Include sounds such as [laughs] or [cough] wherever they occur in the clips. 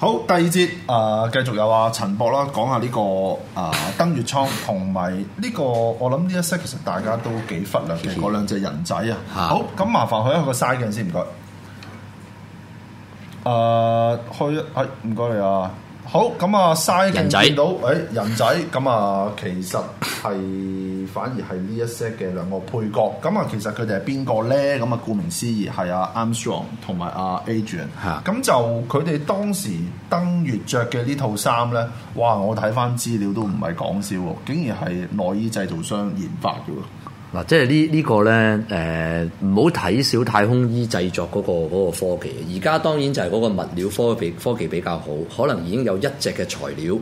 好，第二節啊、呃，繼續有啊陳博啦，講下呢、呢個啊、呃、登月艙同埋呢個，我諗呢一 set 其實大家都幾忽略嘅嗰、嗯、兩隻人仔啊。嗯、好，咁麻煩佢一,一個嘥鏡先唔該。誒，開係唔該你啊。好咁啊，曬見到，誒人仔咁啊、欸，其實係反而係呢一 set 嘅兩個配角。咁啊，其實佢哋係邊個咧？咁啊，顧名思義係啊 Armstrong 同埋阿 Aldrin 的。係。咁就佢哋當時登月着嘅呢套衫咧，哇！我睇翻資料都唔係講笑喎，竟然係內衣製造商研發嘅喎。嗱，即係、呢個、呢呢個咧，誒唔好睇小太空衣製作嗰、嗰個嗰個科技。而家當然就係嗰個物料科技科技比較好，可能已經有一隻嘅材料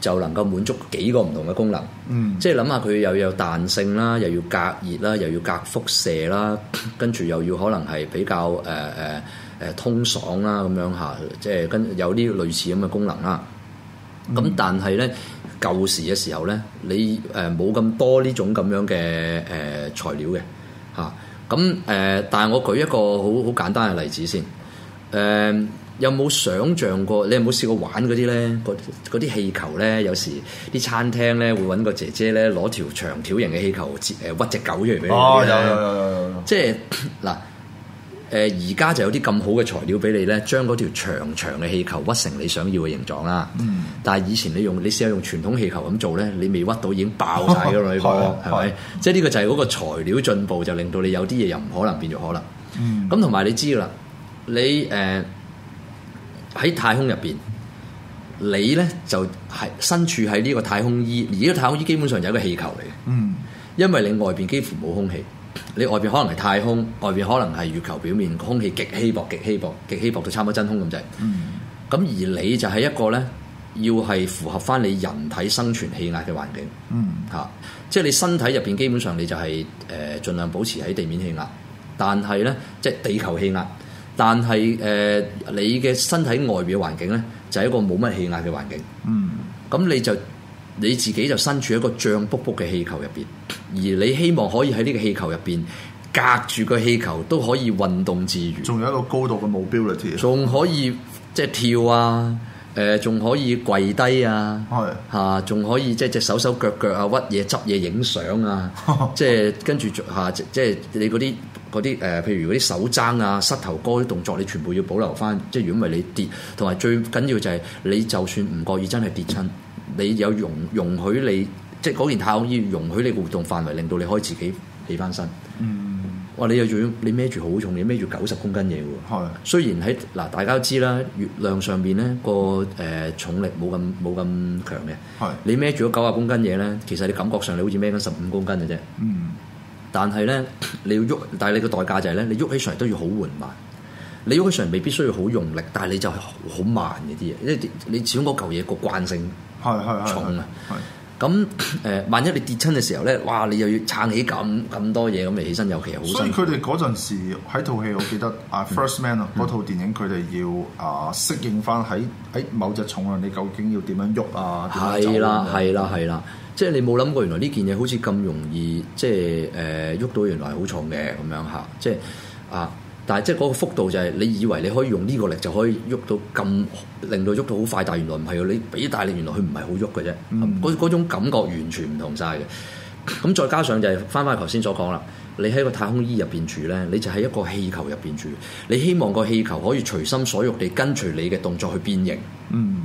就能夠滿足幾個唔同嘅功能。嗯，即係諗下佢又有彈性啦，又要隔熱啦，又要隔輻射啦，跟住又要可能係比較誒誒誒通爽啦咁樣嚇，即係跟有啲類似咁嘅功能啦。咁、嗯、但係咧。舊時嘅時候咧，你誒冇咁多呢種咁樣嘅誒、呃、材料嘅嚇，咁、啊、誒但係我舉一個好好簡單嘅例子先，誒、呃、有冇想像過？你有冇試過玩嗰啲咧？嗰啲氣球咧，有時啲餐廳咧會搵個姐姐咧攞條長條形嘅氣球誒屈隻狗出嚟俾你。哦，有有有有有，即係嗱。誒而家就有啲咁好嘅材料俾你咧，將嗰條長長嘅氣球屈成你想要嘅形狀啦。嗯，但係以前你用你試下用傳統氣球咁做咧，你未屈到已經爆晒㗎喇呢個，係咪？即係呢個就係嗰個材料進步就令到你有啲嘢又唔可能變做可能。嗯，咁同埋你知啦，你誒喺、呃、太空入邊，你咧就係身處喺呢個太空衣，而呢個太空衣基本上就係一個氣球嚟嘅。嗯，因為你外邊幾乎冇空氣。你外邊可能係太空，外邊可能係月球表面，空氣極稀薄、極稀薄、極稀薄到差唔多真空咁滯。咁、嗯、而你就係一個咧，要係符合翻你人體生存氣壓嘅環境。嚇、嗯，即係你身體入邊基本上你就係、是、誒、呃、盡量保持喺地面氣壓，但係咧即係地球氣壓，但係誒、呃、你嘅身體外邊嘅環境咧就係、是、一個冇乜氣壓嘅環境。咁、嗯嗯、你就。你自己就身處一個脹卜卜嘅氣球入邊，而你希望可以喺呢個氣球入邊隔住個氣球都可以運動自如。仲有一個高度嘅目標啦，添。仲可以即係、就是、跳啊，誒、呃，仲可以跪低啊，係嚇是，仲可以即係隻手手腳腳啊，屈嘢執嘢影相啊，即係跟住下即係你嗰啲嗰啲誒，譬如嗰啲手踭啊、膝頭哥啲動作，你全部要保留翻。即係如果唔係你跌，同埋最緊要就係你就算唔覺意真係跌親。你有容容許你，即係嗰件太空衣容許你個活動範圍，令到你可以自己起翻身。嗯哇，我你又仲要你孭住好重，你孭住九十公斤嘢喎。係。是的 雖然喺嗱大家都知啦，月亮上面咧個誒重力冇咁冇咁強嘅。是的 你孭住咗九十公斤嘢咧，其實你感覺上你好似孭緊十五公斤嘅啫。嗯、但係咧，你要喐，但係你個代價就係、是、咧，你喐起上嚟都要好緩慢。你喐起上嚟未必需要好用力，但係你就係好慢嘅啲嘢，因為你始終嗰嚿嘢個慣性。係係係，重啊！咁誒、嗯，萬一你跌親嘅時候咧，哇！你又要撐起咁咁多嘢，咁嚟起身，尤其係好辛苦。所以佢哋嗰陣時喺套戲，我記得 [laughs] uh,《First Man》嗯，嗰套電影，佢哋要啊適應翻喺喺某隻重量，你究竟要點樣喐啊？係啦係啦係啦，即係你冇諗過，原來呢件嘢好似咁容易，即係誒喐到，原來好重嘅咁樣吓，即係啊。但係即係嗰個幅度就係你以為你可以用呢個力就可以喐到咁，令到喐到好快，但原來唔係喎，你俾大力原來佢唔係好喐嘅啫。嗰、嗯、種感覺完全唔同晒嘅。咁再加上就係翻翻頭先所講啦，你喺個太空衣入邊住咧，你就喺一個氣球入邊住，你希望個氣球可以隨心所欲地跟隨你嘅動作去變形。嗯，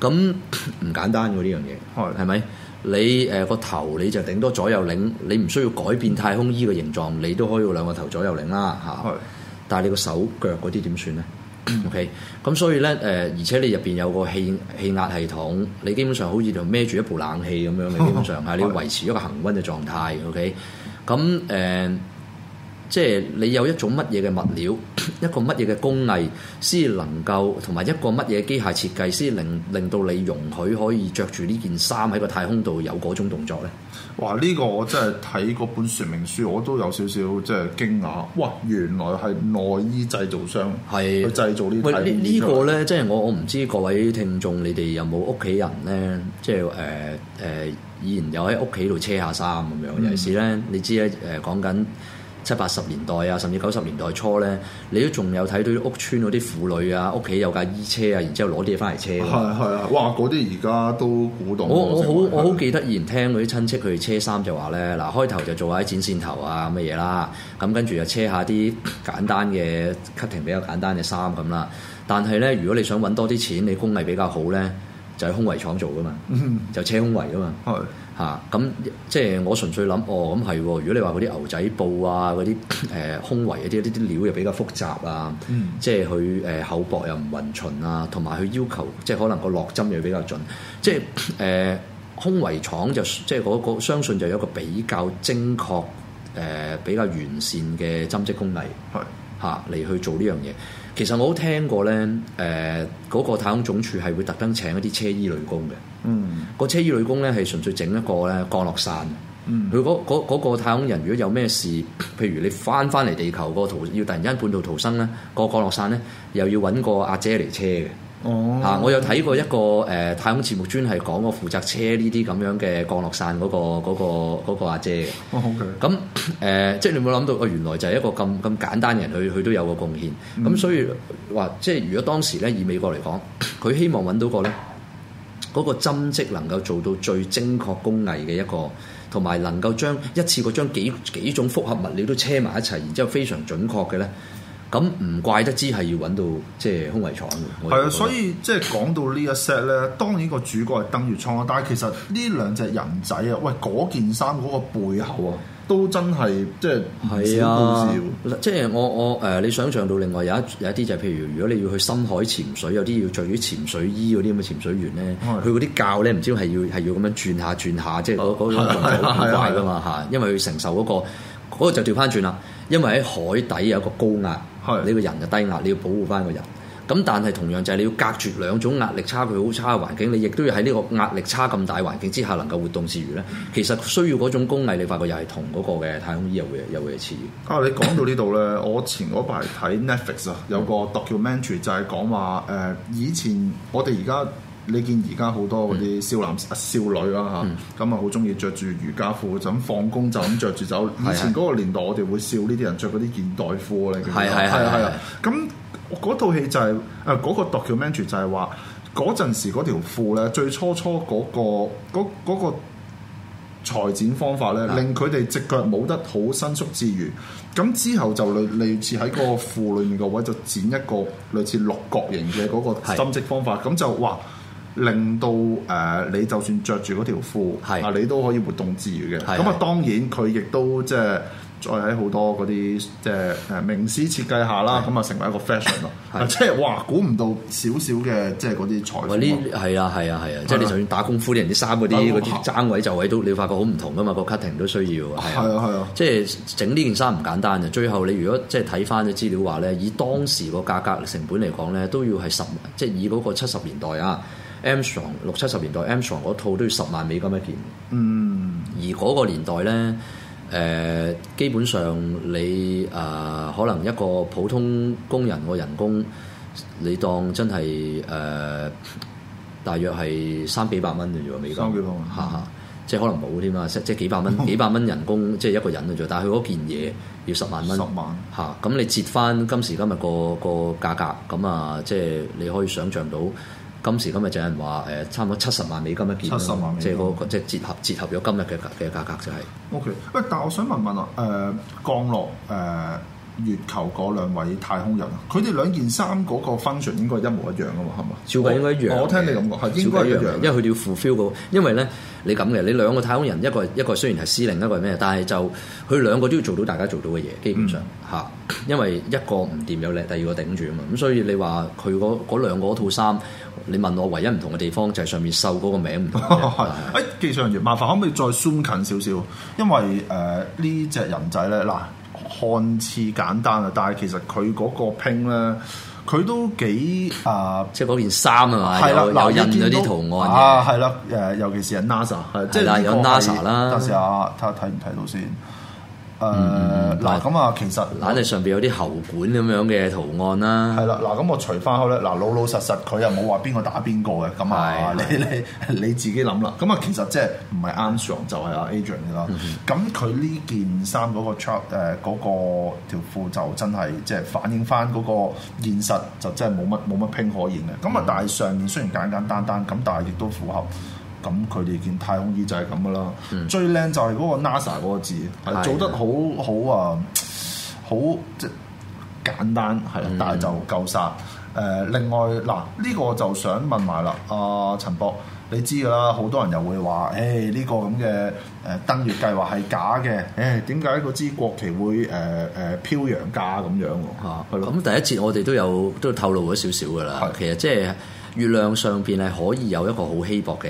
咁唔簡單喎呢樣嘢，係咪？你誒，個頭你就頂多左右擰，你唔需要改變太空衣嘅形狀，你都可以兩個頭左右擰啦嚇。是的 但係你個手腳嗰啲點算咧？OK，咁所以咧誒，而且你入邊有個氣氣壓系統，你基本上好似就孭住一部冷氣咁樣 [coughs] 你基本上係 [coughs] 是你要維持一個恆溫嘅狀態。OK，咁誒。呃即係你有一種乜嘢嘅物料， [coughs] 一個乜嘢嘅工藝，先能夠同埋一個乜嘢機械設計，先令令到你容許可以着住呢件衫喺個太空度有嗰種動作咧。哇！呢、呢個我真係睇嗰本說明書，我都有少少即係驚訝。哇！原來係內衣製造商係的去製造呢啲。喂，呢個、呢呢個咧，即係我我唔知各位聽眾你哋有冇屋企人咧，即係誒誒以前有喺屋企度車下衫咁樣，尤其是咧、嗯、你知咧誒、呃、講緊。七八十年代啊，甚至九十年代初咧，你都仲有睇到屋邨嗰啲婦女啊，屋企有架衣車啊，然之後攞啲嘢翻嚟車。係係啊，哇！嗰啲而家都古董。我我好 [music] 我好記得，以前聽嗰啲親戚佢哋車衫就話咧，嗱開頭就做下啲剪線頭啊咁嘅嘢啦，咁跟住就車一下啲簡單嘅 cutting [music] 比較簡單嘅衫咁啦。但係咧，如果你想揾多啲錢，你工藝比較好咧，就喺胸圍廠做噶嘛，就車胸圍啊嘛。係。 [music] [music] 嚇咁、啊、即係我純粹諗哦咁係、啊，如果你話嗰啲牛仔布啊、嗰啲誒胸圍嗰啲，啲料又比較複雜啊，嗯、即係佢誒厚薄又唔均勻啊，同埋佢要求即係可能個落針又比較準，即係誒胸圍廠就即係嗰、嗰個、相信就有一個比較精確誒、呃、比較完善嘅針織工藝係嚇嚟去做呢樣嘢。其實我都聽過咧誒，嗰、呃嗰個太空總署係會特登請一啲車衣女工嘅。嗯，個車衣女工咧係純粹整一個咧降落傘。嗯，佢嗰、嗰個嗰個太空人如果有咩事，譬如你翻翻嚟地球個逃要突然間半途逃生咧，個降落傘咧又要揾個阿姐嚟車嘅。哦，嚇！我有睇過一個誒、嗯呃、太空節目，專係講個負責車呢啲咁樣嘅降落傘嗰個嗰個嗰個阿姐嘅。咁誒、哦 okay. 呃，即係你有冇諗到個原來就係一個咁咁簡單嘅人，佢佢都有個貢獻。咁、嗯、所以話、呃、即係如果當時咧以美國嚟講，佢希望揾到個咧。嗰個針織能夠做到最精確工藝嘅一個，同埋能夠將一次過將幾幾種複合物料都車埋一齊，然之後非常準確嘅呢。咁唔怪得知係要揾到即係、就是、空藝廠嘅。係啊，所以 [laughs] 即係講到一呢一 set 咧，當然個主角係登月艙，但係其實呢兩隻人仔啊，喂，嗰件衫嗰、那個背後啊！ [laughs] 都真係，即係、啊、少少，即係我我誒、呃、你想象到另外有一有一啲就係譬如如果你要去深海潛水，有啲要着於潛水衣啲咁嘅潛水員咧，佢啲、啊、教咧唔知係要係要咁樣轉下轉下，即係嗰嗰種動作好怪噶嘛吓，因為佢承受個個就調翻轉啦，因為喺海底有一個高壓，啊、你個人就低壓，你要保護翻個人。咁但係同樣就係你要隔絕兩種壓力差距好差嘅環境，你亦都要喺呢個壓力差咁大環境之下能夠活動自如咧。其實需要嗰種工藝，你發覺又係同嗰個嘅太空衣又會有會似。啊！你講到呢度咧， [coughs] 我前嗰排睇 Netflix 啊，有個 documentary 就係講話誒，以前我哋而家。你見而家好多嗰啲少男、嗯、少女啦、啊、嚇，咁啊好中意着住瑜伽褲，就咁放工就咁着住走。以前嗰個年代，我哋會笑呢啲人着嗰啲現代褲咧。係係係啊！咁嗰套戲就係誒嗰個 documentary 就係話，嗰陣時嗰條褲咧，最初初嗰、嗰個嗰個裁剪方法咧，令佢哋隻腳冇得好伸縮之餘，咁係係 之後就類類似喺個褲裡面個位就剪一個類似六角形嘅嗰個針織方法，咁就話。哇令到誒你就算着住嗰條褲，是啊你都可以活動自如嘅。咁啊是當然佢亦都即係、啊、再喺好多嗰啲即係誒名師設計下啦。咁啊是成為一個 fashion 咯，即係是哇估唔到少少嘅即係嗰啲材料。呢係啊係啊係啊！即係你就算打功夫啲人啲衫嗰啲啲爭位就位都，你發覺好唔同㗎嘛？個 cutting 都需要係啊係啊！即係整呢件衫唔簡單嘅。最後你如果即係睇翻啲資料話咧，以當時個價格成本嚟講咧，都要係十即係以嗰個七十年代啊。Armstrong 六七十年代，Armstrong 嗰套都要十萬美金一件。嗯，而嗰個年代咧，誒、呃、基本上你啊、呃，可能一個普通工人個人工，你當真係誒、呃、大約係三幾百蚊嘅啫喎，美金。三哈哈幾百蚊即係可能冇添啊，即係幾百蚊，幾百蚊人工即係一個人嘅啫。但係佢嗰件嘢要十萬蚊。十萬。嚇、啊，咁你折翻今時今日個個價格，咁啊，即係你可以想象到。今時今日就有人話誒差唔多七十萬美金一件，七十萬即係嗰即係折合折合咗今日嘅嘅價格就係、是。O K，喂，但係我想問問啊誒，降落誒。月球嗰兩位太空人，佢哋兩件衫嗰個 function 應該一模一樣噶嘛，係嘛？照計應該一樣我。我聽你咁講，應該一樣，因為佢哋要 fulfil 嗰。因為咧，你咁嘅，你兩個太空人，一個一個雖然係司令，一個係咩？但係就佢兩個都要做到大家做到嘅嘢，基本上嚇。嗯、因為一個唔掂有咧，第二個頂住啊嘛。咁所以你話佢嗰嗰兩個套衫，你問我唯一唔同嘅地方就係、是、上面繡嗰個名唔同。技術人員，麻煩可唔可以再 zoom 近少少？因為誒呢隻人仔咧，嗱。看似簡單、呃、啊，但係其實佢嗰個拼咧，佢都幾啊，即係嗰件衫係咪？係啦，嗱，印咗啲圖案啊，係啦，誒，尤其是 NASA，即係而家 NASA 啦，睇下睇唔睇到先。誒嗱咁啊，嗯呃、其實攬住上邊有啲喉管咁樣嘅圖案啦，係啦、嗯，嗱咁我除翻開咧，嗱老老實實佢又冇話邊個打邊個嘅，咁啊你你、哎、你自己諗啦，咁啊、嗯、其實即係唔係 Armstrong 就係阿 Adrian 嘅啦、嗯哼，咁佢呢件衫嗰個 trous 誒嗰條褲就真係即係反映翻嗰個現實，就真係冇乜冇乜拼可言嘅，咁啊但係上面雖然簡簡單單，咁但係亦都符合。咁佢哋件太空衣就係咁噶啦，嗯、最靚就係嗰個 NASA 嗰個字，係是的 做得好好啊，好即係簡單，係啦的，但係就夠晒。誒、呃，另外嗱，呢、這個就想問埋啦，阿、呃、陳博，你知噶啦，好多人又會話，誒、欸、呢、這個咁嘅誒登月計劃係假嘅，誒點解嗰支國旗會誒誒、呃、飄揚架咁樣喎？嚇，咁第一次我哋都有都透露咗少少噶啦，其實即、就、係、是。月亮上邊係可以有一個好稀薄嘅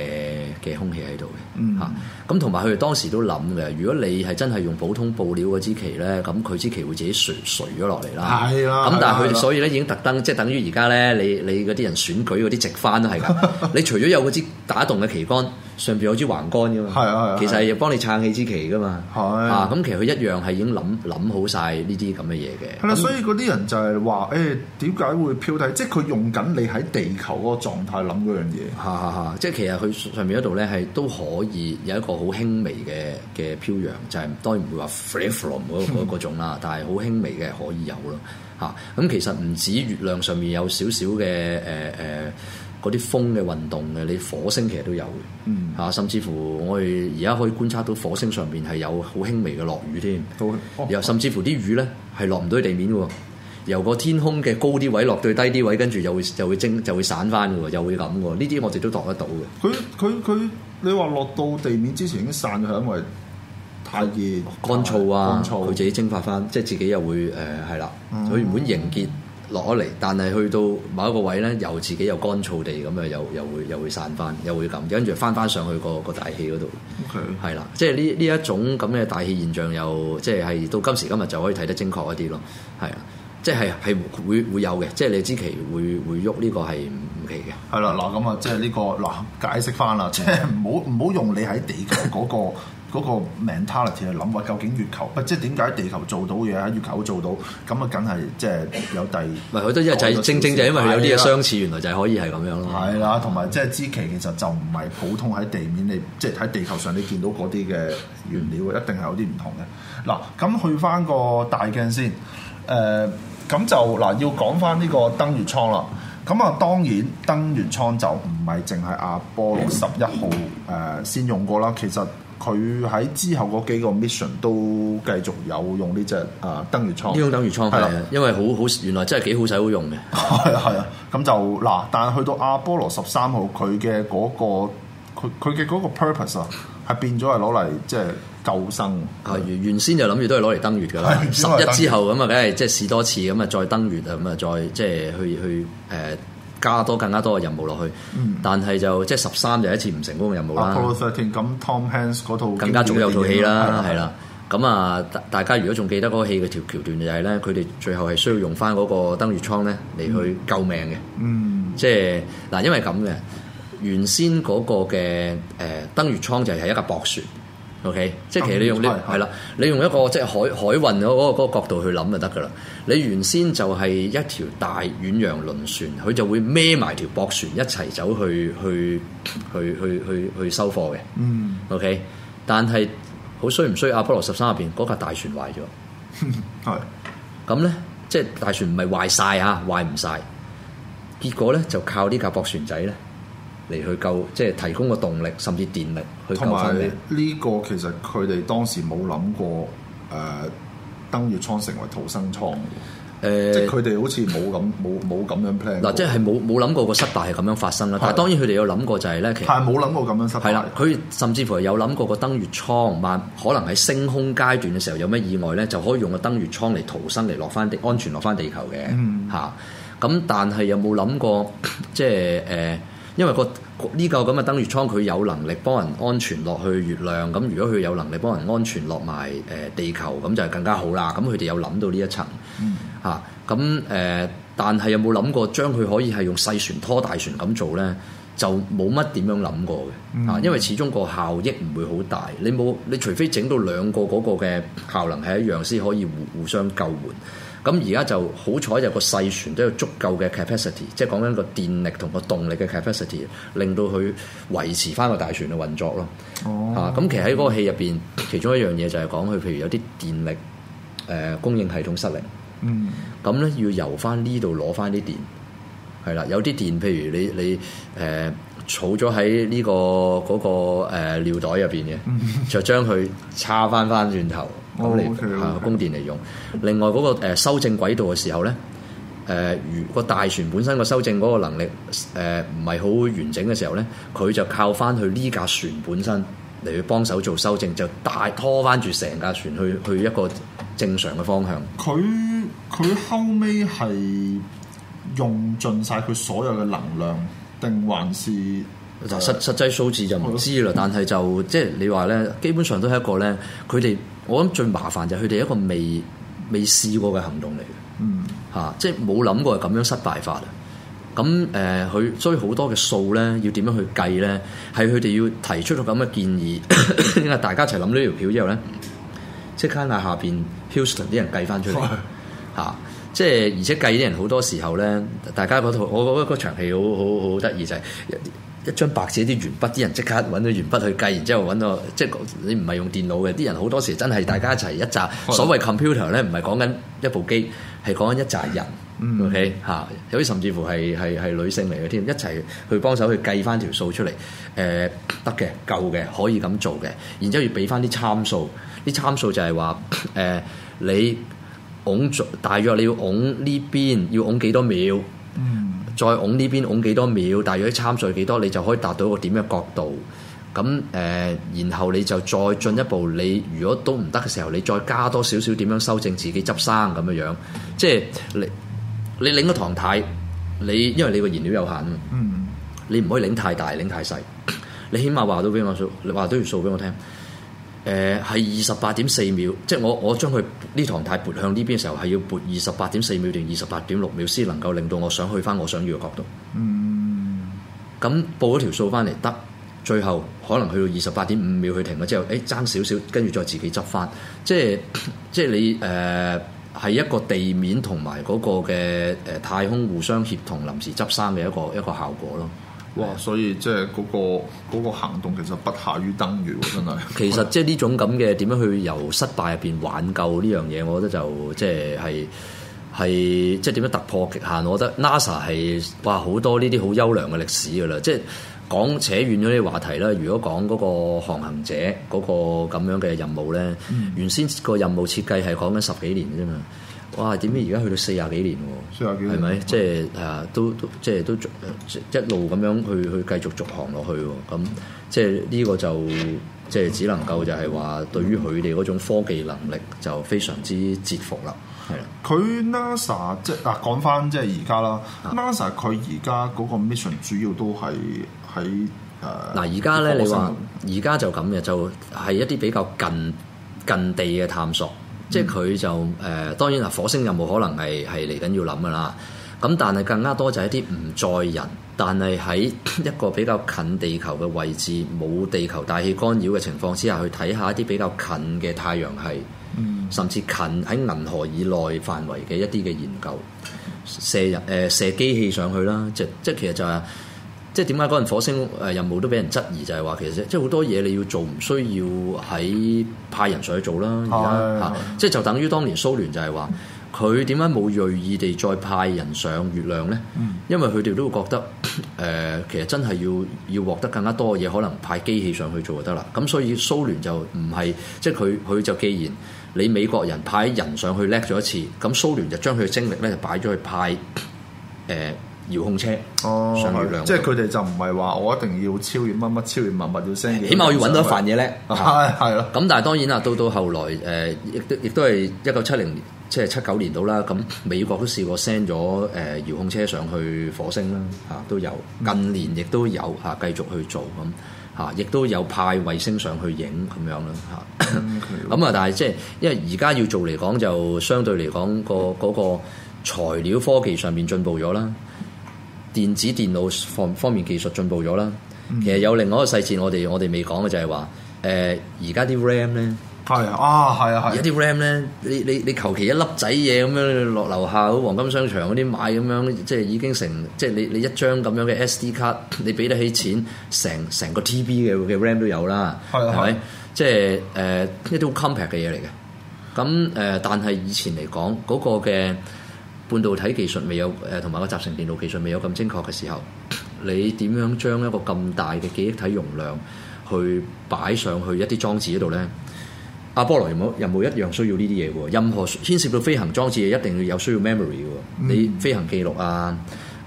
嘅空氣喺度嘅，嚇，咁同埋佢哋當時都諗嘅。如果你係真係用普通布料嗰支旗咧，咁佢支旗會自己垂垂咗落嚟啦。係咯了。咁但係佢哋，所以咧已經特登了即係等於而家咧，你你嗰啲人選舉嗰啲直翻都係㗎。 [laughs] 你除咗有嗰支打動嘅旗桿，上邊有支橫杆噶、啊、嘛、啊啊，其實係幫的、嗯欸、你撐起支旗噶嘛，啊咁、啊、其實佢一樣係已經諗諗好晒呢啲咁嘅嘢嘅。係啦，所以嗰啲人就係話，誒點解會漂低？即係佢用緊你喺地球嗰個狀態諗嗰樣嘢。嚇嚇嚇！即係其實佢上面嗰度咧係都可以有一個好輕微嘅嘅漂揚，就係、是、當然唔會話 free from 嗰種啦，嗯、但係好輕微嘅可以有咯。嚇、啊、咁、嗯、其實唔止月亮上面有少少嘅誒誒。呃呃嗰啲風嘅運動嘅，你火星其實都有嘅，嚇，嗯、甚至乎我哋而家可以觀察到火星上邊係有好輕微嘅落雨添，又、哦、甚至乎啲雨呢，係落唔到地面喎，由個天空嘅高啲位落到低啲位，跟住又會又會蒸，就會散翻喎，又會咁喎，呢啲我哋都度得到嘅。佢佢佢，你話落到地面之前已經散咗，係、嗯嗯、因為太熱乾燥啊，佢、啊、乾燥、佢自己蒸發翻，即係自己又會誒係啦，佢唔會凝結。嗯落咗嚟，但係去到某一個位咧，又自己又乾燥地咁啊，又又會又會散翻，又會咁，跟住翻翻上去、嗰個個大氣嗰度，係啦 Okay.，即係呢呢一種咁嘅大氣現象又，又即係係到今時今日就可以睇得精確一啲咯，係啊，即係係會會有嘅，即係你知期會會喐呢、呢個係唔奇嘅，係啦嗱，咁啊、呢個，即係呢個嗱解釋翻啦，即係唔好唔好用你喺地嗰個。 [laughs] 嗰個 mentality 去諗話究竟月球，不即係點解地球做到嘅，喺月球做到咁啊？梗係即係有第唔好多，一就係、正正就因為佢有啲相似，原來就係可以係咁樣咯。係啦、嗯，同埋即係之其其實就唔係普通喺地面你即係喺地球上你見到嗰啲嘅原料一定係有啲唔同嘅嗱。咁、嗯、去返個大鏡先，誒、呃、咁就嗱要講返呢個登月艙啦。咁啊當然登月艙就唔係淨係阿波羅十一號誒、呃、先用過啦，其實。佢喺之後嗰幾個 mission 都繼續有用呢隻啊登月艙，呢種登月艙係啊，是的 因為好好原來真係幾好使好用嘅。係啊係啊，咁就嗱，但係去到阿波羅十三號佢嘅嗰個佢佢嘅嗰個 purpose、就是、啊，係變咗係攞嚟即係救生，原原先就諗住都係攞嚟登月㗎啦，十一之後咁啊，梗係即係試多次咁啊，再登月啊，咁啊，再即係去去誒。去呃加多更加多嘅任務落去，嗯、但係就即係十三就一次唔成功嘅任務、啊、啦。咁 Tom Hanks 套更加早有套戲啦，係啦的。咁啊的，大家如果仲記得嗰個戲嘅條橋段就係、是、咧，佢哋最後係需要用翻嗰個登月艙咧嚟去救命嘅、嗯。嗯，即係嗱，因為咁嘅，原先嗰個嘅誒、呃、登月艙就係一架駁船。O、okay? K，即係其實你用呢、這個係啦、嗯，你用一個即係、就是、海海運嗰嗰、那個那個角度去諗就得噶啦。你原先就係一條大遠洋輪船，佢就會孭埋條駁船一齊走去去去去去去收貨嘅。嗯，O、okay? K，但係好衰唔衰？阿波羅十三入邊嗰架大船壞咗，係咁咧，即係大船唔係壞晒嚇，壞唔晒。結果咧就靠呢架駁船仔咧。嚟去夠，即係提供個動力，甚至電力去救翻呢、這個其實佢哋當時冇諗過，誒、呃、登月艙成為逃生艙嘅。佢哋好似冇咁冇冇咁樣 plan。嗱，即係冇冇諗過個失敗係咁樣發生啦。的但係當然佢哋有諗過就係、是、咧，其實係冇諗過咁樣失敗。係啦，佢甚至乎有諗過個登月艙，可能喺升空階段嘅時候有咩意外咧，就可以用個登月艙嚟逃生，嚟落翻地，安全落翻地球嘅。嚇、嗯，咁、啊、但係有冇諗過即係誒？呃因為個呢個咁嘅登月艙佢有能力幫人安全落去月亮，咁如果佢有能力幫人安全落埋誒地球，咁就更加好啦。咁佢哋有諗到呢一層吓，咁誒、嗯啊，但係有冇諗過將佢可以係用細船拖大船咁做咧？就冇乜點樣諗過嘅吓，嗯、因為始終個效益唔會好大。你冇你除非整到兩個嗰個嘅效能係一樣，先可以互互相救援。咁而家就好彩就個細船都有足夠嘅 capacity，即係講緊個電力同個動力嘅 capacity，令到佢維持翻個大船嘅運作咯。嚇、哦，咁其實喺嗰個戲入邊，其中一樣嘢就係講佢，譬如有啲電力誒、呃、供應系統失靈，咁咧、嗯、要由翻呢度攞翻啲電，係啦，有啲電譬如你你誒、呃、儲咗喺呢個嗰、嗰個誒、呃、尿袋入邊嘅，嗯、 [laughs] 就將佢叉翻翻轉頭。咁嚟行供電嚟用，另外嗰、嗰個、呃、修正軌道嘅時候呢，誒、呃、如果大船本身個修正嗰個能力誒唔係好完整嘅時候呢，佢就靠翻去呢架船本身嚟去幫手做修正，就大拖翻住成架船去去一個正常嘅方向。佢佢後尾係用盡晒佢所有嘅能量，定還是就、呃、實實際數字就唔知啦。Oh、yeah. 但係就即係、即係、你話呢，基本上都係一個呢，佢哋。我諗最麻煩就係佢哋一個未未試過嘅行動嚟嘅，嚇、嗯啊，即係冇諗過係咁樣失敗法啊！咁誒，佢、呃、所以好多嘅數咧，要點樣去計咧？係佢哋要提出咗咁嘅建議，因為 [coughs] 大家一齊諗呢條票之後咧的、啊，即刻嗌下邊 Houston 啲人計翻出嚟嚇，即係而且計啲人好多時候咧，大家嗰套我覺得嗰場戲好好好得意就係、是。一張白紙啲鉛筆啲人即刻揾到鉛筆去計，然之後揾到即係你唔係用電腦嘅啲人，好多時真係大家一齊一紮。嗯、所謂 computer 咧，唔係講緊一部機，係講緊一紮人。O K 嚇，有啲、okay? 甚至乎係係係女性嚟嘅添，一齊去幫手去計翻條數出嚟。誒得嘅，夠嘅，可以咁做嘅。然之後要俾翻啲參數，啲參數就係話誒你拱大約你要拱呢邊要拱幾多秒。嗯。再拱呢邊拱幾多秒，大約參數幾多，你就可以達到一個點嘅角度。咁誒、呃，然後你就再進一步。你如果都唔得嘅時候，你再加多少少點，點樣修正自己執生咁樣樣。即係你你擰個唐太，你因為你個燃料有限，嗯、mm，hmm。你唔可以擰太大，擰太細。你起碼話到俾我數，話都要數俾我聽。誒係二十八點四秒，即係我我將佢呢堂太撥向呢邊嘅時候，係要撥二十八點四秒定二十八點六秒先能夠令到我想去翻我想要嘅角度。嗯，咁報咗條數翻嚟得，最後可能去到二十八點五秒去停咗之後，誒爭少少，跟住再自己執翻。即係即係你誒係一個地面同埋嗰個嘅誒太空互相協同，臨時執生嘅一個一個效果咯。哇！所以即係嗰個嗰個行動其實不下於登月，真係。其實即係呢種咁嘅點樣去由失敗入邊挽救呢樣嘢，我覺得就即係係係即係點樣突破極限？我覺得 NASA 係哇好多呢啲好優良嘅歷史㗎啦。即係講扯遠咗呢個話題啦。如果講嗰個航行者嗰個咁樣嘅任務咧，嗯、原先個任務設計係講緊十幾年咋嘛。哇！點知而家去到四十幾年喎，四十幾年，係咪吧？即係誒，都都即係都一路咁樣去去繼續續航落去喎。咁即係呢個就即係只能夠就係話，對於佢哋嗰種科技能力就非常之折服啦。係佢 NASA 即係嗱講翻即係而家啦，NASA 佢而家嗰個 mission 主要都係喺誒嗱而家咧，啊、呢生你話而家就咁嘅，就係、是、一啲比較近近地嘅探索。嗯、即係佢就誒、呃，當然啊，火星任務可能係係嚟緊要諗嘅啦。咁但係更加多就係一啲唔載人，但係喺一個比較近地球嘅位置，冇地球大氣干擾嘅情況之下，去睇下一啲比較近嘅太陽系，嗯、甚至近喺銀河以內範圍嘅一啲嘅研究，射入誒、呃、射機器上去啦。即即係其實就係、係。即係點解嗰陣火星誒任務都俾人質疑就，就係話其實即係好多嘢你要做，唔需要喺派人上去做啦。而家是即係就等於當年蘇聯就係話，佢點解冇鋭意地再派人上月亮咧？因為佢哋都會覺得誒、呃，其實真係要要獲得更加多嘅嘢，可能派機器上去做就得啦。咁所以蘇聯就唔係即係佢佢就既然你美國人派人上去叻咗一次，咁蘇聯就將佢嘅精力咧就擺咗去派誒。呃遙控車哦，上月亮即係佢哋就唔係話我一定要超越乜乜超越乜乜要升，起碼我要揾到一份嘢咧，係係咯。咁 [laughs] 但係當然啊，到到後來誒、呃、亦都亦都係一九七零年，即係七九年到啦。咁美國都試過 send 咗誒遙控車上去火星啦，嚇、啊、都有。近年亦都有嚇、啊、繼續去做咁嚇，亦、啊啊、都有派衛星上去影咁樣啦，嚇。咁啊，啊嗯、 [laughs] 但係即係因為而家要做嚟講，就相對嚟講、個嗰、個材料科技上面進步咗啦。電子電腦方方面技術進步咗啦，嗯、其實有另外一個細節我，我哋我哋未講嘅就係話，誒而家啲 RAM 咧，係啊係啊係，而家啲 RAM 咧，你你你求其一粒仔嘢咁樣落樓下嗰黃金商場嗰啲買咁樣，即係已經成即係你你一張咁樣嘅 SD 卡，你俾得起錢，成成個 TB 嘅嘅 RAM 都有啦，係咪的？即係誒一啲好 compact 嘅嘢嚟嘅，咁誒的的但係以前嚟講嗰個嘅。嗰個半導體技術未有，誒同埋個集成電腦技術未有咁精確嘅時候，你點樣將一個咁大嘅記憶體容量去擺上去一啲裝置嗰度咧？阿波羅任務一樣需要呢啲嘢喎，任何牽涉到飛行裝置，一定要有需要 memory 嘅喎，嗯、你飛行記錄啊。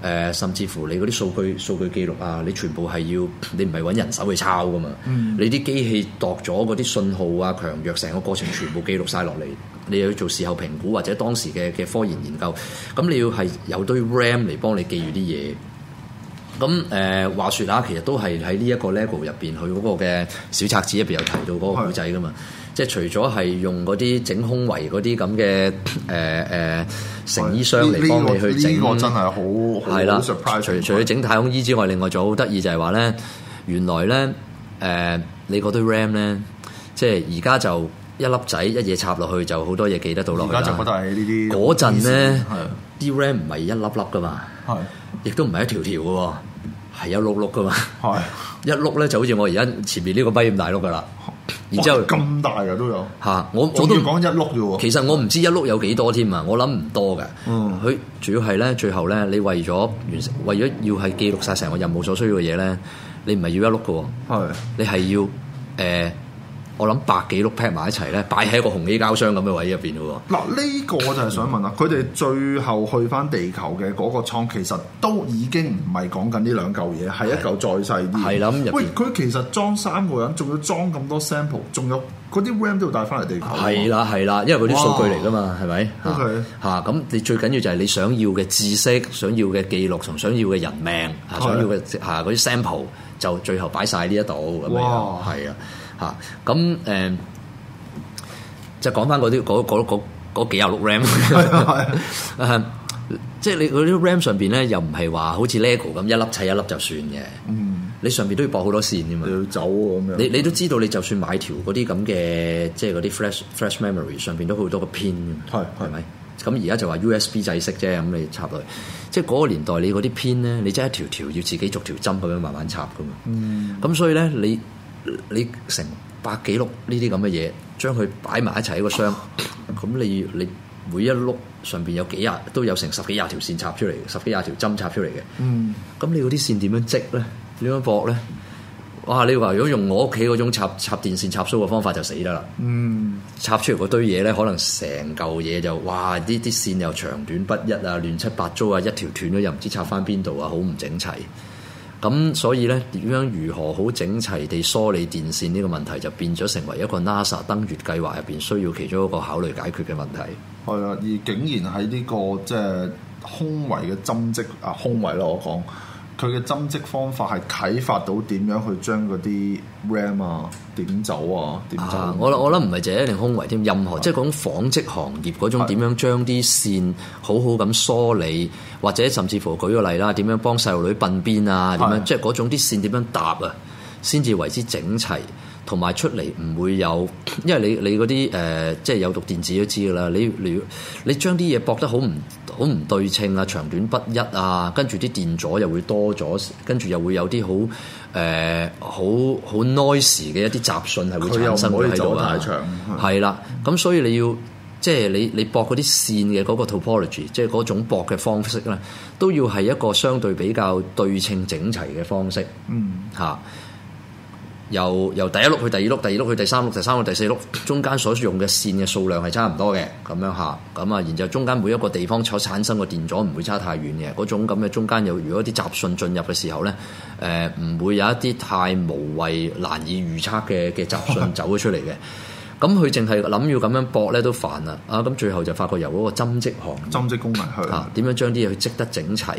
誒、呃，甚至乎你嗰啲數據數據記錄啊，你全部係要你唔係揾人手去抄㗎嘛？嗯、你啲機器度咗嗰啲信號啊、強弱，成個過程全部記錄晒落嚟，你又要做事後評估或者當時嘅嘅科研研究，咁你要係有堆 RAM 嚟幫你記住啲嘢。咁誒話説啊，其實都係喺呢一個 LEGO 入邊，佢嗰個嘅小冊子入邊有提到嗰個古仔噶嘛。是的 即係除咗係用嗰啲整胸圍嗰啲咁嘅誒誒成衣箱嚟幫你去整，呢、這個真係好係啦。除除咗整太空衣之外，另外仲好得意就係話咧，原來咧誒、呃、你嗰堆 RAM 咧，即係而家就一粒仔一嘢插落去就好多嘢記得到落去。而家就覺得係呢啲嗰陣咧，啲 RAM 唔係一粒粒噶嘛，係亦都唔係一條條嘅。係一碌碌噶嘛？係 [laughs] 一碌咧就好似我而家前面呢個杯咁大碌噶啦。哇然之後咁大嘅都有。吓，我，我我都講一碌啫。其實我唔知一碌有幾多添啊！我諗唔多噶。嗯，佢主要係咧，最後咧，你為咗完成，為咗要係記錄晒成個任務所需要嘅嘢咧，你唔係要一碌噶。係是的 你係要誒。呃我諗百幾碌 pack 埋一齊咧，擺喺一個紅衣膠箱咁嘅位入邊嘅喎。嗱，呢個我就係想問啦，佢哋 [coughs] 最後去翻地球嘅嗰個倉，其實都已經唔係講緊呢兩嚿嘢，係是 一嚿再細啲。係啦，咁入邊。喂，佢其實裝三個人，仲要裝咁多 sample，仲有嗰啲 RAM 都要帶翻嚟地球。係啦，係啦，因為嗰啲數據嚟㗎嘛，係咪？OK。吓，咁你最緊要就係你想要嘅知識、想要嘅記錄同想要嘅人命、想要嘅吓啲 sample，就最後擺晒呢一度。哇！係啊。嚇咁誒，就講翻嗰啲嗰幾廿 G RAM， [laughs] [laughs] 即係你佢啲 RAM 上邊咧，又唔係話好似 LEGO 咁一粒砌一粒就算嘅，嗯。你上邊都要佈好多線㗎嘛。要走咁樣。你你都知道，你就算買條嗰啲咁嘅，即係嗰啲 flash flash memory 上邊都好多個 pin 的。係咪的？咁而家就話 USB 制式啫，咁你插落去，即係嗰個年代你嗰啲 pin 咧，你即係一條條要自己逐條針咁樣慢慢插㗎嘛。嗯。咁所以咧，你你成百幾碌呢啲咁嘅嘢，將佢擺埋一齊喺個箱，咁你你每一碌上邊有幾廿都有成十幾廿條線插出嚟，十幾廿條針插出嚟嘅。嗯，咁你嗰啲線點樣織咧？點樣駁咧？哇！你話如果用我屋企嗰種插插電線插蘇嘅方法就死得啦。嗯，插出嚟嗰堆嘢咧，可能成嚿嘢就哇呢啲線又長短不一啊，亂七八糟啊，一條斷咗又唔知插翻邊度啊，好唔整齊。咁所以咧，點樣如何好整齊地梳理電線呢個問題，就變咗成為一個 NASA 登月計劃入邊需要其中一個考慮解決嘅問題。係啊， [noise] 而竟然喺呢、這個即係胸圍嘅針織啊，胸圍咯，我講。佢嘅針織方法係啟發到點樣去將嗰啲 RAM 啊點走啊？點走啊，啊！我我諗唔係淨係一定胸圍添，任何是的 即係講紡織行業嗰種點樣將啲線好好咁梳理，是的 或者甚至乎舉個例啦，點樣幫細路女揼邊啊？點樣是的 即係嗰種啲線點樣搭啊？先至為之整齊，同埋出嚟唔會有，因為你你嗰啲誒即係有讀電子都知㗎啦，你你你將啲嘢駁得好唔？好唔對稱啊，長短不一啊，跟住啲電阻又會多咗，跟住又會有啲好誒好好 noise 嘅一啲雜訊係會產生喺度啊！係啦，咁的、嗯、所以你要即係、就是、你你駁嗰啲線嘅嗰個 topology，即係嗰種駁嘅方式啦，都要係一個相對比較對稱整齊嘅方式。嗯，嚇。由由第一碌去第二碌，第二碌去第三碌，第三碌第四碌，中間所用嘅線嘅數量係差唔多嘅，咁樣下，咁啊，然之後中間每一個地方所產生嘅電阻唔會差太遠嘅，嗰種咁嘅中間有，如果啲雜訊進入嘅時候咧，誒、呃、唔會有一啲太無謂難以預測嘅嘅雜訊走咗出嚟嘅，咁佢淨係諗要咁樣駁咧都煩啦，啊咁最後就發覺由嗰個針織行業，針織功能嚇，點、啊、的樣將啲嘢去織得整齊，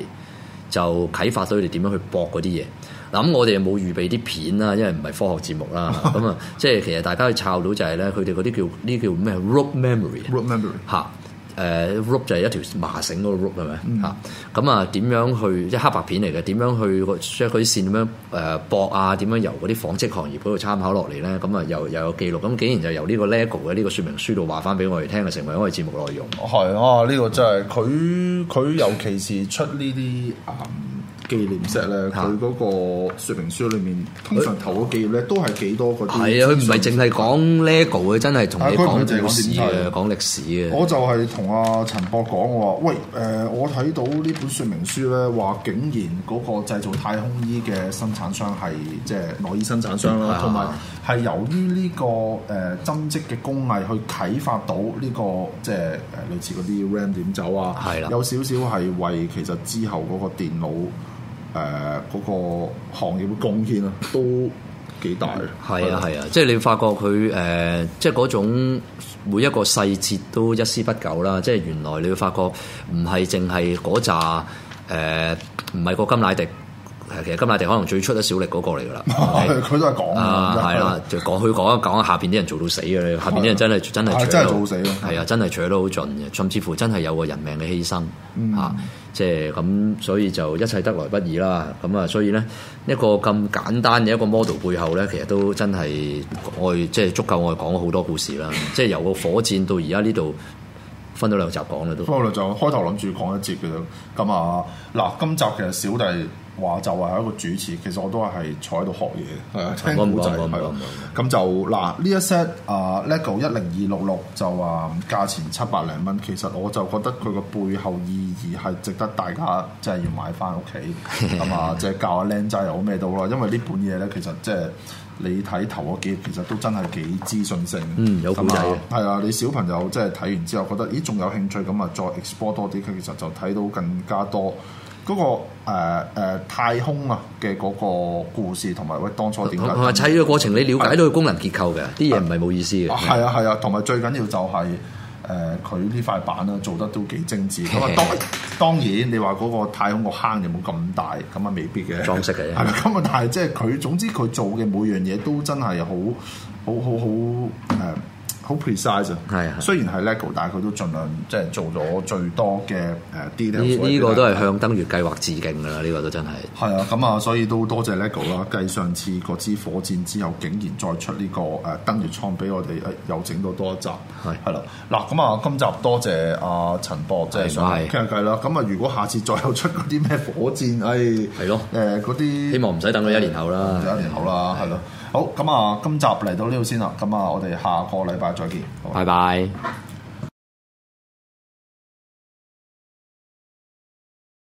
就啟發到佢哋點樣去駁嗰啲嘢。咁我哋又冇預備啲片啦，因為唔係科學節目啦。咁啊，即係其實大家去抄到就係咧，佢哋嗰啲叫呢叫咩？Rope memory，rope memory，嚇 Rope memory，啊。誒，rope 就係一條麻繩嗰個 rope 係咪？吓、嗯，咁啊，點樣去即係黑白片嚟嘅？點樣去將嗰啲線咁樣誒駁啊？點樣由嗰啲紡織行業嗰度參考落嚟咧？咁啊，又又有記錄。咁竟然就由呢個 lego 嘅呢個說明書度話翻俾我哋聽，就成為一個節目內容。係、嗯、啊，呢、這個真係佢佢尤其是出呢啲。嗯紀念石咧，佢嗰個說明書裏面通常頭幾頁咧都係幾多嗰啲。係啊，佢唔係淨係講 LEGO，佢真係同你講歷史史嘅。我就係同阿陳博講話，喂，誒，我睇到呢本說明書咧，話竟然嗰個製造太空衣嘅生產商係即係內衣生產商啦，同埋係由於呢個誒針織嘅工藝去啟發到呢個即係誒類似嗰啲 ram 點走啊，係啦，有少少係為其實之後嗰個電腦。誒嗰、嗯那個行業嘅貢獻啦，都幾大嘅。係啊，係啊，即係、就是、你會發覺佢誒，即係嗰種每一個細節都一絲不苟啦。即、就、係、是、原來你會發覺唔係淨係嗰扎誒，唔、呃、係個甘迺迪。其實甘迺迪可能最出得小力嗰個嚟噶啦，佢都係講啊，係啦，就講佢講講下邊啲人做到死嘅，下邊啲人真係真係，真係做到死咯，係啊，真係取得好盡嘅，甚至乎真係有個人命嘅犧牲啊，即係咁，所以就一切得來不易啦。咁啊，所以咧，一個咁簡單嘅一個 model 背後咧，其實都真係我即係足夠我哋講好多故事啦。即係由個火箭到而家呢度分咗兩集講啦都。分兩集，開頭諗住講一節嘅，咁啊嗱，今集其實小弟。話就係一個主持，其實我都係坐喺度學嘢，嗯、聽古仔。係咁、uh, 就嗱呢一 set 啊 LEGO 一零二六六就話價錢七百零蚊，其實我就覺得佢個背後意義係值得大家即係、就是、要買翻屋企，係嘛？即係教阿靚仔又好咩都啦。因為本呢本嘢咧，其實即、就、係、是、你睇頭嗰幾頁其實都真係幾資訊性。嗯，有古仔嘅有、嗯，你小朋友即係睇完之後覺得咦仲有興趣，咁啊再 export 多啲，佢其實就睇到更加多。嗰、那個誒、呃呃、太空啊嘅嗰個故事，同埋喂，當初點解砌呢個過程？你了解到個功能結構嘅啲嘢唔係冇意思嘅。係啊係啊，同埋、啊啊、最緊要就係誒佢呢塊板咧做得都幾精緻。咁啊、嗯，嗯、當然當然你話嗰個太空個坑有冇咁大？咁啊未必嘅裝飾嘅。咁啊，但係即係佢總之佢做嘅每樣嘢都真係好好好好誒。好好好好好嗯好 precise 啊，係啊，雖然係 lego，但係佢都儘量即係做咗最多嘅誒 d e 呢呢個都係向登月計劃致敬㗎啦，呢個都真係。係啊，咁啊，所以都多謝 lego 啦。繼上次嗰支火箭之後，竟然再出呢個誒登月艙俾我哋，又整到多一集。係，係啦。嗱，咁啊，今集多謝阿陳博士，傾下偈啦。咁啊，如果下次再有出嗰啲咩火箭，誒係咯，誒嗰啲希望唔使等佢一年後啦，一年後啦，係咯。好，咁啊，今集嚟到呢度先啦，咁啊，我哋下個禮拜再見，拜拜。Bye bye. Bye bye.